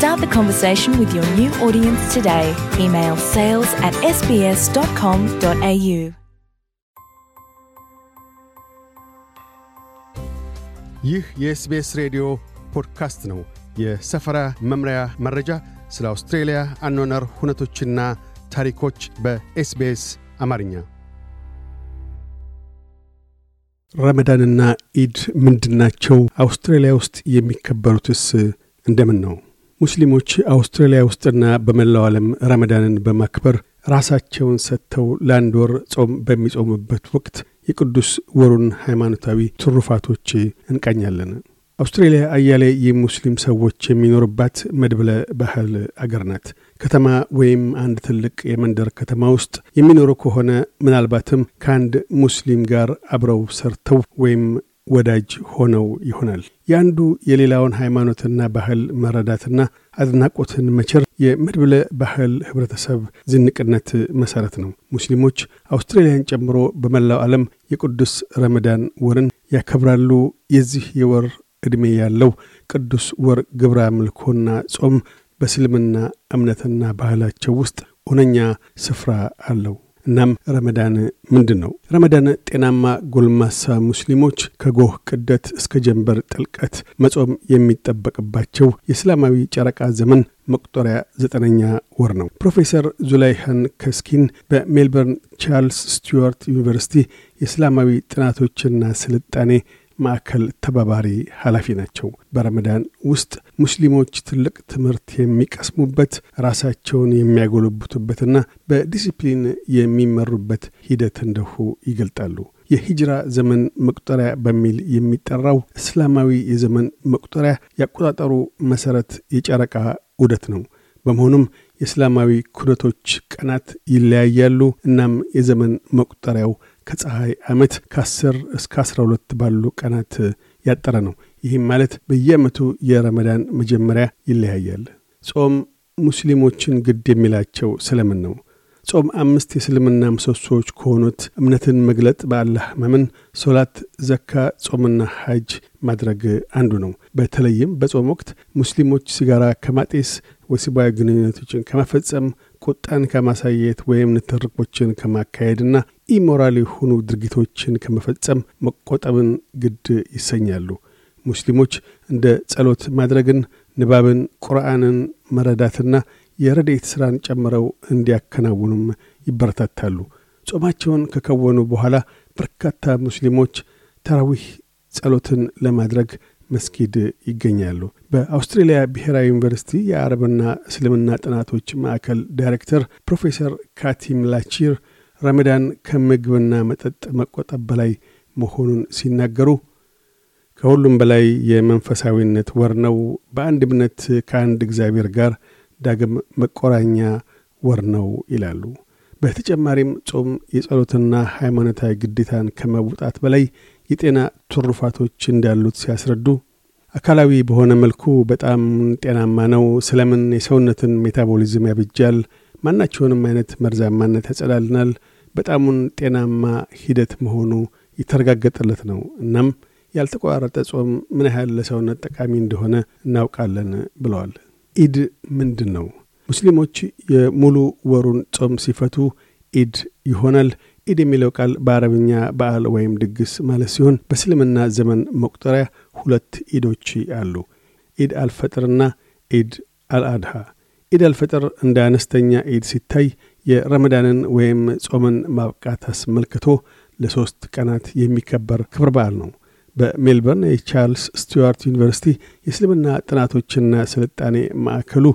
Start the conversation with your new audience today. Email sales at sbs.com.au. ይህ የኤስቤስ ሬዲዮ ፖድካስት ነው። የሰፈራ መምሪያ መረጃ፣ ስለ አውስትሬልያ አኗነር ሁነቶችና ታሪኮች በኤስቤስ አማርኛ። ረመዳንና ኢድ ምንድናቸው? አውስትሬልያ ውስጥ የሚከበሩትስ እንደምን ነው? ሙስሊሞች አውስትራሊያ ውስጥና በመላው ዓለም ረመዳንን በማክበር ራሳቸውን ሰጥተው ለአንድ ወር ጾም በሚጾሙበት ወቅት የቅዱስ ወሩን ሃይማኖታዊ ትሩፋቶች እንቃኛለን። አውስትሬልያ አያሌ የሙስሊም ሰዎች የሚኖርባት መድብለ ባህል አገር ናት። ከተማ ወይም አንድ ትልቅ የመንደር ከተማ ውስጥ የሚኖሩ ከሆነ ምናልባትም ከአንድ ሙስሊም ጋር አብረው ሰርተው ወይም ወዳጅ ሆነው ይሆናል። የአንዱ የሌላውን ሃይማኖትና ባህል መረዳትና አድናቆትን መቸር የመድብለ ባህል ህብረተሰብ ዝንቅነት መሠረት ነው። ሙስሊሞች አውስትራሊያን ጨምሮ በመላው ዓለም የቅዱስ ረመዳን ወርን ያከብራሉ። የዚህ የወር ዕድሜ ያለው ቅዱስ ወር ግብረ አምልኮና ጾም በእስልምና እምነትና ባህላቸው ውስጥ ሁነኛ ስፍራ አለው። እናም ረመዳን ምንድን ነው? ረመዳን ጤናማ ጎልማሳ ሙስሊሞች ከጎህ ቅደት እስከ ጀንበር ጥልቀት መጾም የሚጠበቅባቸው የእስላማዊ ጨረቃ ዘመን መቁጠሪያ ዘጠነኛ ወር ነው። ፕሮፌሰር ዙላይሃን ከስኪን በሜልበርን ቻርልስ ስቲዋርት ዩኒቨርሲቲ የእስላማዊ ጥናቶችና ስልጣኔ ማዕከል ተባባሪ ኃላፊ ናቸው። በረመዳን ውስጥ ሙስሊሞች ትልቅ ትምህርት የሚቀስሙበት ራሳቸውን የሚያጎለብቱበትና በዲሲፕሊን የሚመሩበት ሂደት እንደሁ ይገልጣሉ። የሂጅራ ዘመን መቁጠሪያ በሚል የሚጠራው እስላማዊ የዘመን መቁጠሪያ ያቆጣጠሩ መሠረት የጨረቃ ዑደት ነው። በመሆኑም የእስላማዊ ኩነቶች ቀናት ይለያያሉ። እናም የዘመን መቁጠሪያው ከፀሐይ ዓመት ከ10 እስከ 12 ባሉ ቀናት ያጠረ ነው። ይህም ማለት በየዓመቱ የረመዳን መጀመሪያ ይለያያል። ጾም ሙስሊሞችን ግድ የሚላቸው ስለምን ነው? ጾም አምስት የእስልምና ምሰሶዎች ከሆኑት እምነትን መግለጥ፣ በአላህ መምን፣ ሶላት፣ ዘካ፣ ጾምና ሐጅ ማድረግ አንዱ ነው። በተለይም በጾም ወቅት ሙስሊሞች ሲጋራ ከማጤስ፣ ወሲባዊ ግንኙነቶችን ከመፈጸም፣ ቁጣን ከማሳየት ወይም ንትርቆችን ከማካሄድና ኢሞራል የሆኑ ድርጊቶችን ከመፈጸም መቆጠብን ግድ ይሰኛሉ። ሙስሊሞች እንደ ጸሎት ማድረግን፣ ንባብን፣ ቁርአንን መረዳትና የረዴት ሥራን ጨምረው እንዲያከናውኑም ይበረታታሉ። ጾማቸውን ከከወኑ በኋላ በርካታ ሙስሊሞች ተራዊህ ጸሎትን ለማድረግ መስጊድ ይገኛሉ። በአውስትሬልያ ብሔራዊ ዩኒቨርሲቲ የአረብና እስልምና ጥናቶች ማዕከል ዳይሬክተር ፕሮፌሰር ካቲም ላቺር ረመዳን ከምግብና መጠጥ መቆጠብ በላይ መሆኑን ሲናገሩ ከሁሉም በላይ የመንፈሳዊነት ወር ነው። በአንድ እምነት ከአንድ እግዚአብሔር ጋር ዳግም መቆራኛ ወር ነው ይላሉ። በተጨማሪም ጾም የጸሎትና ሃይማኖታዊ ግዴታን ከመውጣት በላይ የጤና ትሩፋቶች እንዳሉት ሲያስረዱ አካላዊ በሆነ መልኩ በጣም ጤናማ ነው። ስለምን የሰውነትን ሜታቦሊዝም ያብጃል። ማናቸውንም አይነት መርዛማነት ያጸዳልናል። በጣሙን ጤናማ ሂደት መሆኑ የተረጋገጠለት ነው። እናም ያልተቋረጠ ጾም ምን ያህል ለሰውነት ጠቃሚ እንደሆነ እናውቃለን ብለዋል። ኢድ ምንድን ነው? ሙስሊሞች የሙሉ ወሩን ጾም ሲፈቱ ኢድ ይሆናል። ኢድ የሚለው ቃል በአረብኛ በዓል ወይም ድግስ ማለት ሲሆን በእስልምና ዘመን መቁጠሪያ ሁለት ኢዶች አሉ። ኢድ አልፈጥርና ኢድ አልአድሃ። ኢድ አልፈጥር እንደ አነስተኛ ኢድ ሲታይ የረመዳንን ወይም ጾምን ማብቃት አስመልክቶ ለሶስት ቀናት የሚከበር ክብር በዓል ነው። በሜልበርን የቻርልስ ስቲዋርት ዩኒቨርሲቲ የእስልምና ጥናቶችና ስልጣኔ ማዕከሉ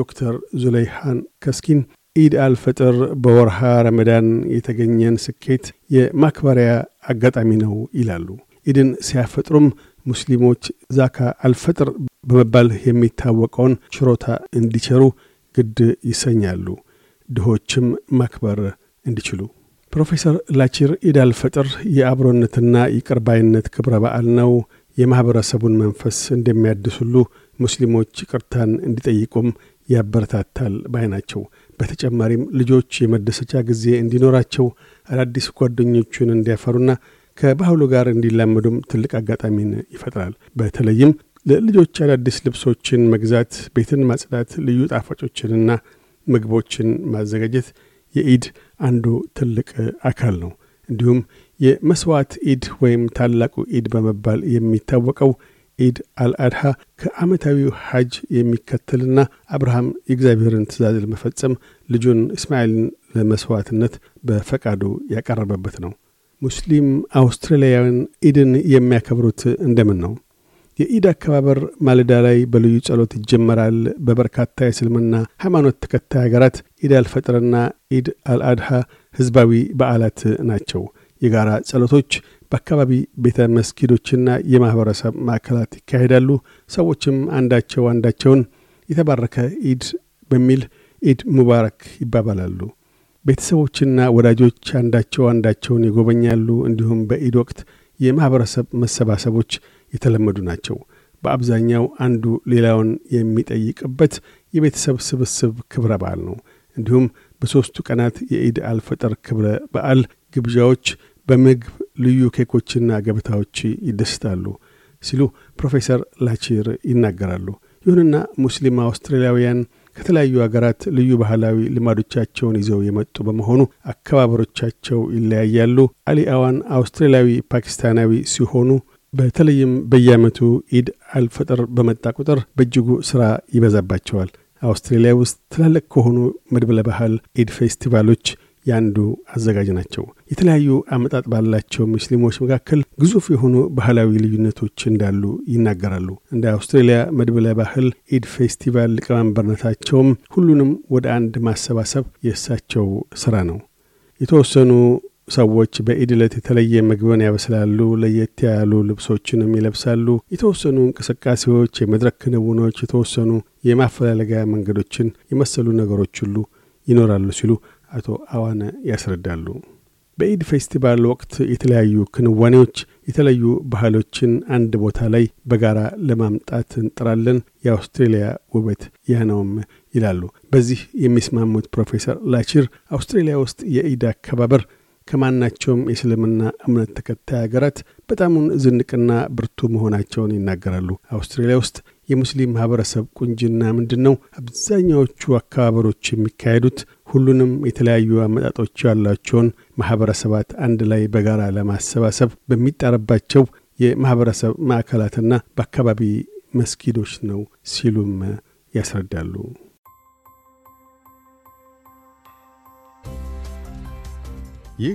ዶክተር ዙለይሃን ከስኪን ኢድ አልፈጥር በወርሃ ረመዳን የተገኘን ስኬት የማክበሪያ አጋጣሚ ነው ይላሉ። ኢድን ሲያፈጥሩም ሙስሊሞች ዛካ አልፈጥር በመባል የሚታወቀውን ችሮታ እንዲቸሩ ግድ ይሰኛሉ፣ ድሆችም ማክበር እንዲችሉ። ፕሮፌሰር ላቺር ኢድ አልፈጥር የአብሮነትና ይቅርባይነት ክብረ በዓል ነው። የማኅበረሰቡን መንፈስ እንደሚያድሱሉ ሙስሊሞች ቅርታን እንዲጠይቁም ያበረታታል ባይ ናቸው። በተጨማሪም ልጆች የመደሰቻ ጊዜ እንዲኖራቸው አዳዲስ ጓደኞቹን እንዲያፈሩና ከባህሉ ጋር እንዲላመዱም ትልቅ አጋጣሚን ይፈጥራል። በተለይም ለልጆች አዳዲስ ልብሶችን መግዛት፣ ቤትን ማጽዳት፣ ልዩ ጣፋጮችንና ምግቦችን ማዘጋጀት የኢድ አንዱ ትልቅ አካል ነው። እንዲሁም የመስዋዕት ኢድ ወይም ታላቁ ኢድ በመባል የሚታወቀው ኢድ አልአድሃ ከዓመታዊው ሐጅ የሚከተልና አብርሃም የእግዚአብሔርን ትእዛዝ ለመፈጸም ልጁን እስማኤልን ለመሥዋዕትነት በፈቃዱ ያቀረበበት ነው። ሙስሊም አውስትራሊያውያን ኢድን የሚያከብሩት እንደምን ነው? የኢድ አከባበር ማለዳ ላይ በልዩ ጸሎት ይጀመራል። በበርካታ የእስልምና ሃይማኖት ተከታይ ሀገራት ኢድ አልፈጥርና ኢድ አልአድሃ ህዝባዊ በዓላት ናቸው። የጋራ ጸሎቶች በአካባቢ ቤተ መስጊዶችና የማኅበረሰብ ማዕከላት ይካሄዳሉ። ሰዎችም አንዳቸው አንዳቸውን የተባረከ ኢድ በሚል ኢድ ሙባረክ ይባባላሉ። ቤተሰቦችና ወዳጆች አንዳቸው አንዳቸውን ይጎበኛሉ። እንዲሁም በኢድ ወቅት የማኅበረሰብ መሰባሰቦች የተለመዱ ናቸው። በአብዛኛው አንዱ ሌላውን የሚጠይቅበት የቤተሰብ ስብስብ ክብረ በዓል ነው። እንዲሁም በሦስቱ ቀናት የኢድ አልፈጠር ክብረ በዓል ግብዣዎች በምግብ ልዩ ኬኮችና ገበታዎች ይደስታሉ ሲሉ ፕሮፌሰር ላቺር ይናገራሉ። ይሁንና ሙስሊም አውስትራሊያውያን ከተለያዩ አገራት ልዩ ባህላዊ ልማዶቻቸውን ይዘው የመጡ በመሆኑ አከባበሮቻቸው ይለያያሉ። አሊ አዋን አውስትራሊያዊ ፓኪስታናዊ ሲሆኑ በተለይም በየዓመቱ ኢድ አልፈጥር በመጣ ቁጥር በእጅጉ ሥራ ይበዛባቸዋል። አውስትራሊያ ውስጥ ትላልቅ ከሆኑ መድብለ ባህል ኢድ ፌስቲቫሎች የአንዱ አዘጋጅ ናቸው። የተለያዩ አመጣጥ ባላቸው ሙስሊሞች መካከል ግዙፍ የሆኑ ባህላዊ ልዩነቶች እንዳሉ ይናገራሉ። እንደ አውስትሬሊያ መድበለ ባህል ኢድ ፌስቲቫል ሊቀመንበርነታቸውም ሁሉንም ወደ አንድ ማሰባሰብ የእሳቸው ስራ ነው። የተወሰኑ ሰዎች በኢድ ለት የተለየ ምግብን ያበስላሉ። ለየት ያሉ ልብሶችንም ይለብሳሉ። የተወሰኑ እንቅስቃሴዎች፣ የመድረክ ክንውኖች፣ የተወሰኑ የማፈላለጋ መንገዶችን የመሰሉ ነገሮች ሁሉ ይኖራሉ ሲሉ አቶ አዋነ ያስረዳሉ። በኢድ ፌስቲቫል ወቅት የተለያዩ ክንዋኔዎች፣ የተለያዩ ባህሎችን አንድ ቦታ ላይ በጋራ ለማምጣት እንጥራለን። የአውስትሬሊያ ውበት ያ ነውም ይላሉ። በዚህ የሚስማሙት ፕሮፌሰር ላቺር አውስትሬሊያ ውስጥ የኢድ አከባበር ከማናቸውም የእስልምና እምነት ተከታይ ሀገራት በጣሙን ዝንቅና ብርቱ መሆናቸውን ይናገራሉ። አውስትሬሊያ ውስጥ የሙስሊም ማህበረሰብ ቁንጅና ምንድን ነው? አብዛኛዎቹ አከባበሮች የሚካሄዱት ሁሉንም የተለያዩ አመጣጦች ያላቸውን ማህበረሰባት አንድ ላይ በጋራ ለማሰባሰብ በሚጠረባቸው የማህበረሰብ ማዕከላትና በአካባቢ መስጊዶች ነው ሲሉም ያስረዳሉ። ይህ